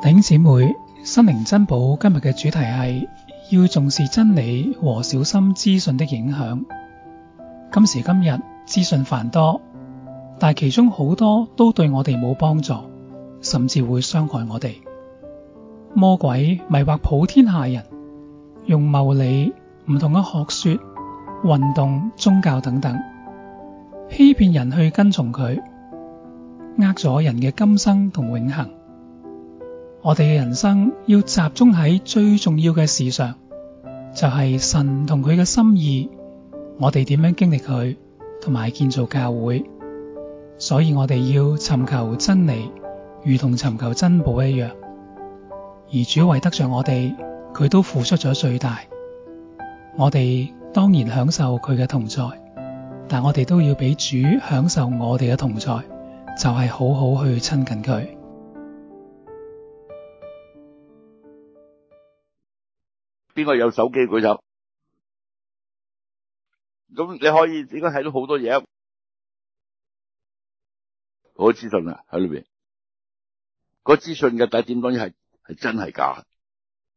頂姊妹心靈珍寶今日嘅主題係要重視真理和小心資訊的影響。今時今日資訊繁多，但其中好多都對我哋冇幫助，甚至會傷害我哋。魔鬼迷惑普天下人，用謀理唔同嘅學說、運動、宗教等等，欺騙人去跟從佢，呃咗人嘅今生同永恆。我哋嘅人生要集中喺最重要嘅事上，就係神同佢嘅心意，我哋點樣經歷佢，同埋建造教會。所以我哋要尋求真理，如同尋求珍寶一樣。而主為得着我哋，佢都付出咗最大。我哋當然享受佢嘅同在，但我哋都要俾主享受我哋嘅同在，就係好好去親近佢。邊個有手機舉手？咁你可以應該睇到好多嘢？我資訊啊喺裏邊，嗰資訊嘅，但係點講又係係真係假？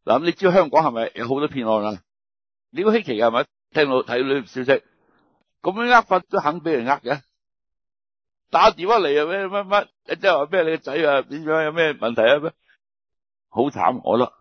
嗱，你知道香港係咪有好多騙案啊？你講稀奇係咪？聽到睇到呢消息，咁樣呃法都肯俾人呃嘅，打電話嚟啊咩乜？咩，即係話咩你個仔啊點樣有咩問題啊咩？好慘，我咯。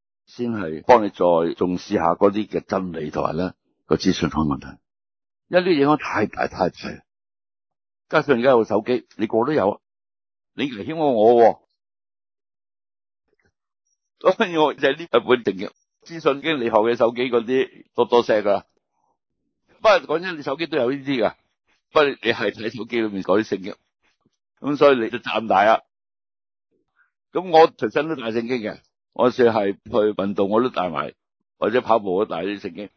先係幫你再重視下嗰啲嘅真理同埋咧個資訊方面問題，因為啲影響太大太細，加上而家有個手機，你個都有啊，你嚟牽我我，啊、喎，所以我就呢一本定嘅資訊經理學嘅手機嗰啲多多些噶。不過講真，你手機都有呢啲噶，不過你係睇手機裏面嗰啲聖經，咁所以你就讚大啊，咁我隨身都帶聖經嘅。我成日去運動我帶，我都帶埋或者跑步我，我都帶啲聖經。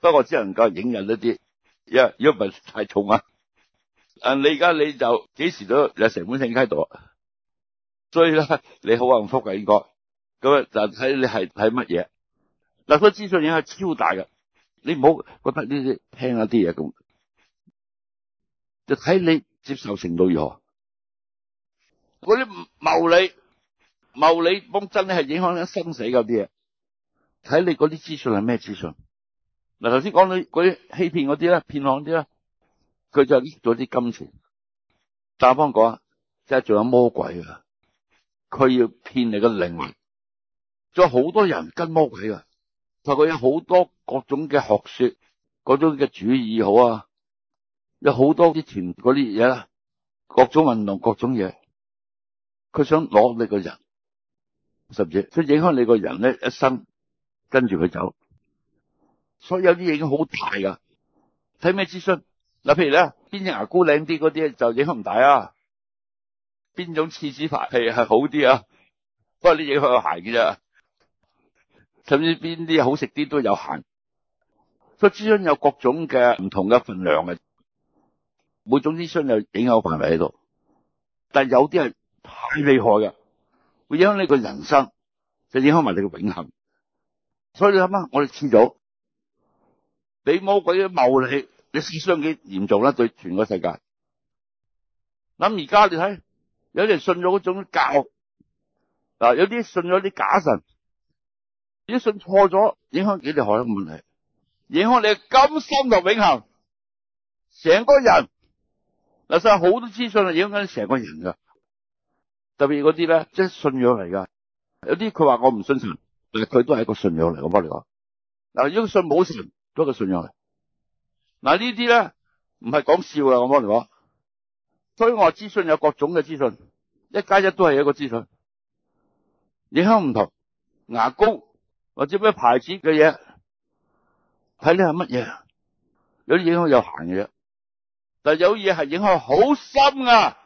不過我只能夠影人一啲，因為如果唔係太重啊。你而家你就幾時都有成本聖經喺度啊？所以咧，你好幸福嘅應該咁啊，就睇你係睇乜嘢。嗱，嗰資訊影響超大嘅，你唔好覺得呢啲輕一啲嘢咁，就睇你接受程度如何。嗰啲謀利。謀你幫真係影響你生死啲嘢，睇你啲資訊係咩資訊？嗱，頭先講到啲欺騙啲咧騙行啲咧，佢就益咗啲金錢。但係我講啊，即係仲有魔鬼啊，佢要騙你個靈魂。仲有好多人跟魔鬼啊，就佢有好多各種嘅學說，各種嘅主意好啊，有好多啲傳啲嘢啦，各種運動，各種嘢，佢想攞你個人。甚至，所以影響你個人咧一生，跟住佢走。所以有啲嘢已經好大噶。睇咩資訊？嗱、啊，譬如咧，邊隻牙膏靚啲嗰啲就影響唔大啊。邊種廁紙牌係係好啲啊？不過呢影響有限嘅啫。甚至邊啲好食啲都有限。所以資訊有各種嘅唔同嘅份量嘅、啊。每種資訊有影響範圍喺度，但係有啲係太厲害㗎。會影響你個人生，就影響埋你嘅永恒。所以你諗下，我哋始祖俾魔鬼嘅謀你，你思想幾嚴重啦，對全個世界。咁而家你睇，有啲人信咗嗰種教育，嗱，有啲信咗啲假神，有啲信錯咗，影響幾厲害嘅問題，影響你嘅今生同永恒，成個人。嗱，所以好多資訊影響緊成個人噶。特別嗰啲咧，即係信仰嚟噶。有啲佢話我唔信神，但係佢都係一個信仰嚟。我幫你講嗱，如果信冇神都係信仰嚟。嗱呢啲咧唔係講笑啦。說我幫你講，所以我話資訊有各種嘅資訊，一加一都係一個資訊，影響唔同。牙膏或者咩牌子嘅嘢，睇你係乜嘢，有啲影響有限嘅，但係有嘢係影響好深啊！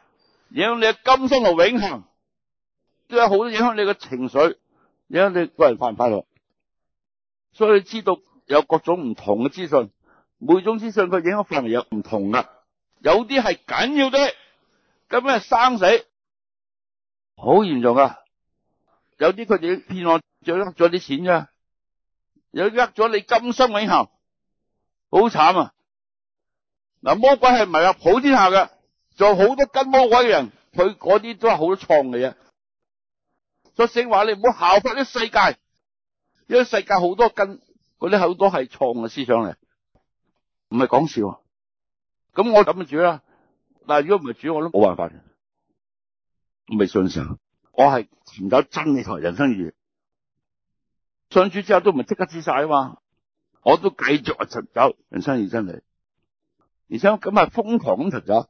影響你嘅今生和永恒，都有好多影響你嘅情緒，影響你個人快唔快樂。所以你知道有各種唔同嘅資訊，每種資訊佢影響範圍有唔同噶，有啲係緊要啲，咁啊生死好嚴重啊！有啲佢哋騙我，賺咗啲錢啫，有呃咗你今生永恒，好慘啊！嗱，魔鬼係迷惑普天下嘅。就好多跟魔鬼嘅人，佢嗰啲都係好多錯嘅嘢，所以聖話你唔好效法啲世界，因為世界好多跟嗰啲好多係錯嘅思想嚟，唔係講笑。啊，咁我咁嘅主啦，但係如果唔係主，我都冇辦法嘅，唔係信神，我係尋找真理同人生意義。信主之後都唔係即刻知晒啊嘛，我都繼續啊尋找人生意真理，而且我係瘋狂咁尋找。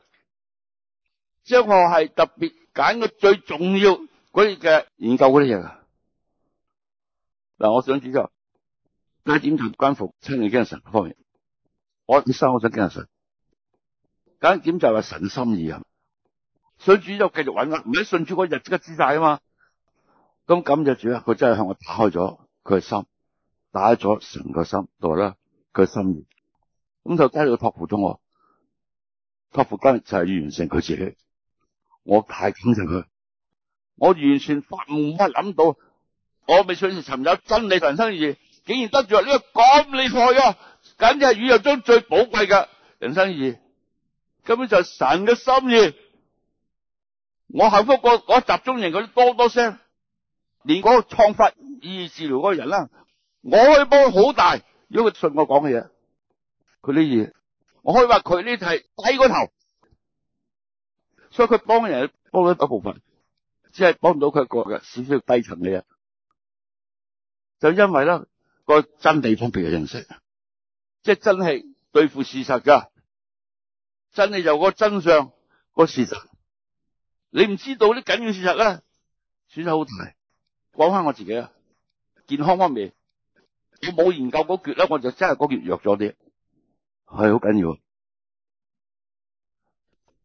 將我係特別揀嘅最重要嗰啲嘅研究嗰啲嘢噶嗱。我想指出嗱，點求關乎親近神嘅方面，我一生我想親近神，揀點就係神心意啊。想主，主要繼續揾我，唔係信主嗰日即刻知晒啊嘛。咁今就主佢真係向我打開咗佢嘅心，打開咗神個心度啦，佢心意。咁就今日託付中我，託付關日就係完成佢自己。我太感謝佢，我完全發夢乜諗到，我未信尋找真理人生意義，竟然得着呢個咁厲害啊！簡直係宇宙中最寶貴嘅人生意義，根本就係神嘅心意。我幸福過，我集中營嗰啲多多聲，連嗰個創法意義治療嗰個人啦，我可以幫佢好大，如果佢信我講嘅嘢，佢呢嘢，我可以話佢呢係低個頭。所以佢幫人幫咗一部分，只係幫唔到佢一個嘅少少低層嘅人。就因為咧、那個真理方面嘅認識，即係真係對付事實噶，真係有個真相、那個事實。你唔知道啲緊要事實咧，損失好大。講返是我自己啊，健康方面，我冇研究嗰橛咧，我就真係嗰橛弱咗啲，係好緊要的。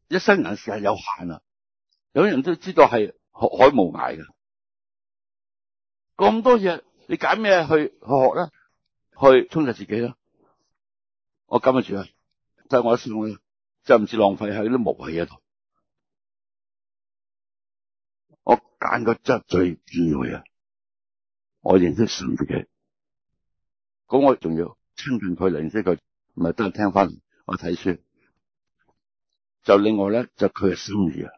一生人時係有限啦，有啲人都知道係學海無涯嘅，咁多嘢你揀咩去學咧？去充實自己啦。我今日住啊，但我一我就我上嘅，就唔似浪費喺啲無謂嘢度。我揀個質最重要嘅嘢，我認識神自己。咁我仲要親近佢嚟認識佢，唔係都係聽翻我睇書。就另外咧，就佢嘅心意啊。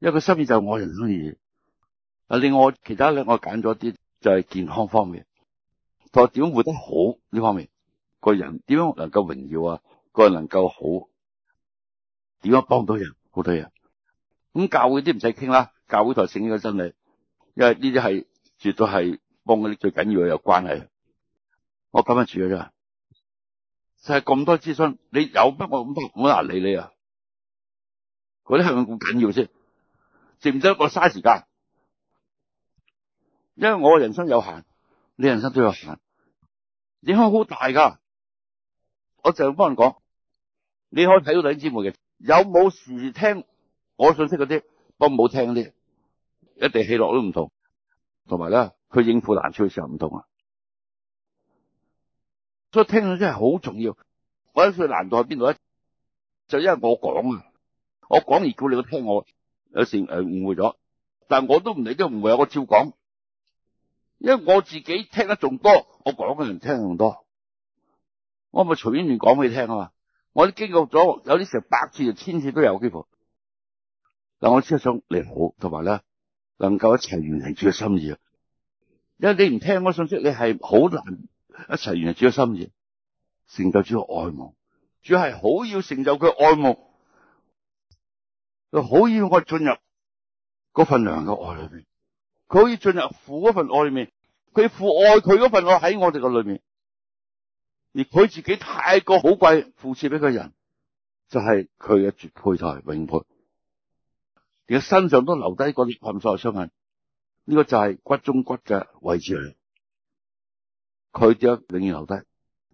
因為佢心意就我嘅心意啊。另外其他咧，我揀咗啲就係、是、健康方面，同點樣活得好呢方面，個人點樣能夠榮耀啊？個人能夠好，點樣幫到人好多嘢？咁教會啲唔使傾啦，教會台醒咗真理，因為呢啲係絕對係幫嗰啲最緊要嘅有關係。我咁樣住咗啫，就係、是、咁多諮詢，你有乜我咁多，我難理你啊！嗰啲係咪咁緊要先？值唔值一個嘥時間？因為我人生有限，你人生都有限，影響好大噶。我就要幫人講，你可以睇到弟兄姊妹嘅有冇時聽我信息嗰啲，不過冇聽嗰啲，一地氣落都唔同。同埋咧，佢應付難處嘅時候唔同啊。所以聽到真係好重要。我諗佢難度喺邊度咧？就因為我講啊。我講而叫你去聽我，有時誒誤會咗，但係我都唔理都唔會，我照講，因為我自己聽得仲多，我講嘅人聽仲多，我咪隨便亂講俾你聽啊嘛。我都經過咗有啲成百次、千次都有，幾乎但我只係想你好，同埋咧能夠一齊完成主嘅心意，因為你唔聽我信息，你係好難一齊完成主嘅心意，成就主嘅愛慕，主係好要成就佢愛慕。佢好要我進入嗰份娘嘅愛裏邊，佢可以進入父嗰份愛裏面，佢父愛佢嗰份愛喺我哋嘅裏面，而佢自己太過好貴，付切俾個人就係佢嘅絕配就係永配，而身上都留低嗰啲探索嘅傷痕，呢、這個就係骨中骨嘅位置嚟。佢點解寧留低？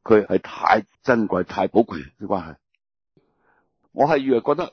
佢係太珍貴、太寶貴嘅關係，我係以為覺得。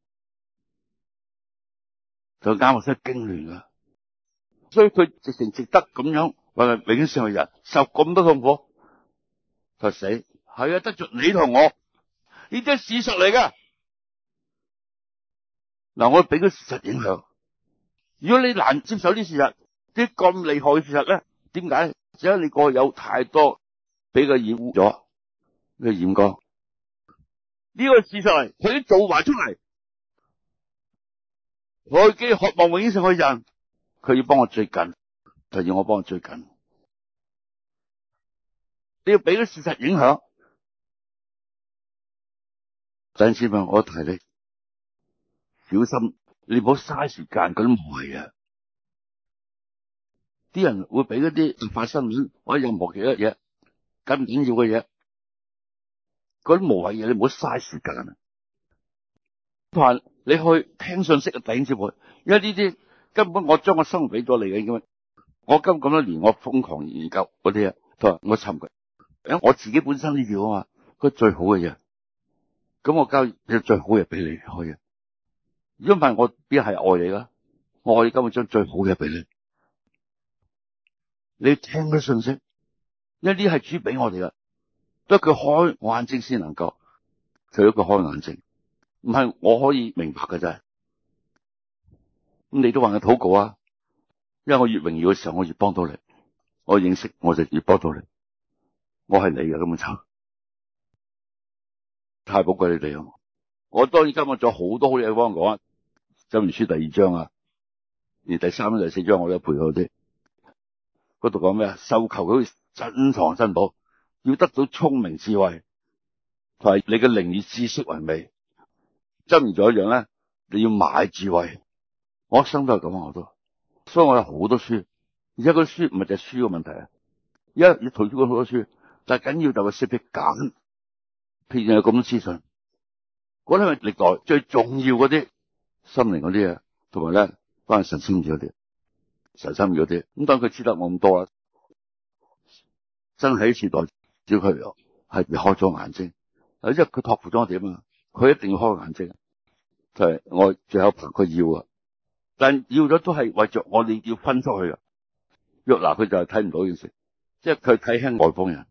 就啱，我真係驚亂啦，所以佢直情值得咁樣為永上人受咁多痛苦，就死係啊得著你同我，呢啲係事實嚟嘅。嗱，我俾個事實影響，如果你難接受呢事實，啲咁厲害嘅事實咧，點解？只因你個有太多俾佢掩護咗，去掩蓋呢個事實來，佢做埋出嚟。我嘅渴望永遠成為人，佢要幫我最近，就要我幫我最近。你要俾啲事實影響。陳先生，我提你小心，你唔好嘥時間嗰啲無謂嘢。啲人會俾一啲突發新聞或者任何其他嘢，咁唔緊要嘅嘢，嗰啲無謂嘢你唔好嘥時間。怕。你去聽信息啊，頂住佢，因為呢啲根本我將我生活俾咗你嘅，因為我今咁多年我瘋狂研究嗰啲嘢，同我尋佢，因為我自己本身都要啊嘛，佢最好嘅嘢，咁我交最最好嘅俾你可以，如果唔係我必係愛你啦，我哋今日將最好嘅俾你，你要聽嗰啲信息，因為呢係主俾我哋噶，得佢開眼睛先能夠，除咗佢開眼睛。唔係我可以明白㗎啫。咁你都話我禱告啊，因為我越榮耀嘅時候，我越幫到你。我認識我就越幫到你。我係你嘅，咁本查太寶貴你哋啊！我當然今日仲好多好嘢幫我講啊，箴書第二章啊，而第三章第四章我都有配合啲。嗰度講咩啊？收求佢珍藏珍寶，要得到聰明智慧，同埋你嘅靈與知識為美。執完咗一樣咧，你要買智慧。我一生都係咁，我都，所以我有好多書，而家個書是是書唔係就書嘅問題啊，一要睇出好多書，但係緊要就係識得揀，譬如咁資訊。嗰啲係歷代最重要嗰啲心靈嗰啲啊，同埋咧關於神心嗰啲，神心嗰啲。咁當佢知得我咁多啦，真係時代只要佢係開咗眼睛，啊，因為佢托付咗我點啊？佢一定要開個眼睛，就係、是、我最後憑佢要啊，但要咗都係為着我哋要分出去啊。若嗱佢就係睇唔到呢件事，即係佢睇輕外邦人，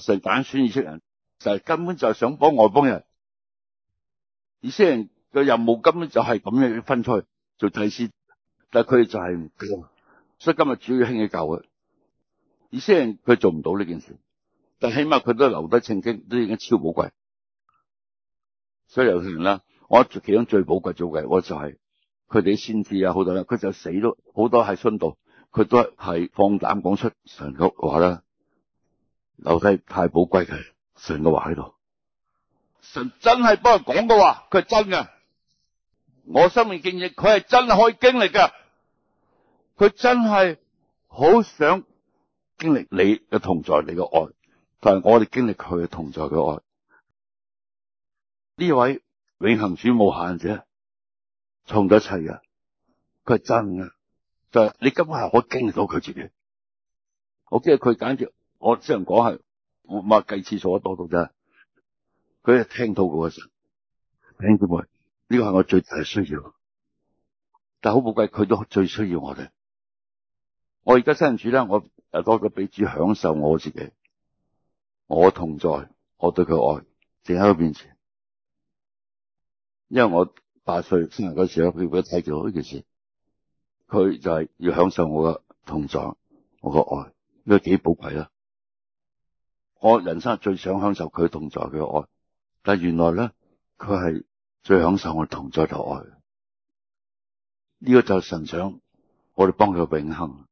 成揀選以色列人就係根本就係想幫外邦人。以色列人嘅任務根本就係咁樣要分出去做祭司，但係佢就係唔得，所以今日主要興嘅舊嘅，以色列人佢做唔到呢件事，但起碼佢都留低聖經，都已經超寶貴。所以有時咧，我其中最寶貴做嘅，我就係佢哋先知啊，好多人佢就死都好多係殉道，佢都係放膽講出神嘅話啦，留低太寶貴嘅神嘅話喺度。神真係幫佢講嘅話，佢係真嘅。我身經經歷，佢係真係可以經歷嘅。佢真係好想經歷你嘅同在，你嘅愛，但係我哋經歷佢嘅同在嘅愛。呢位永恆主無限者創咗一切嘅，佢係真嘅，就係、是、你根本係可經歷到佢自己。我今日佢簡直，我只能講係，唔係計次數得多到啫。佢係聽到個神，聽見未？呢、這個係我最大嘅需要，但好寶貴，佢都最需要我哋。我而家身主咧，我誒多咗俾主享受我自己，我的同在，我對佢愛，淨喺佢面前。因為我八歲生日嗰時咧，佢佢睇住我呢件事，佢就係要享受我嘅同在，我嘅愛，呢、這個幾寶貴啊！我人生最想享受佢同在嘅愛，但係原來咧，佢係最享受我嘅同在同愛。呢、這個就是神想我哋幫佢永恒。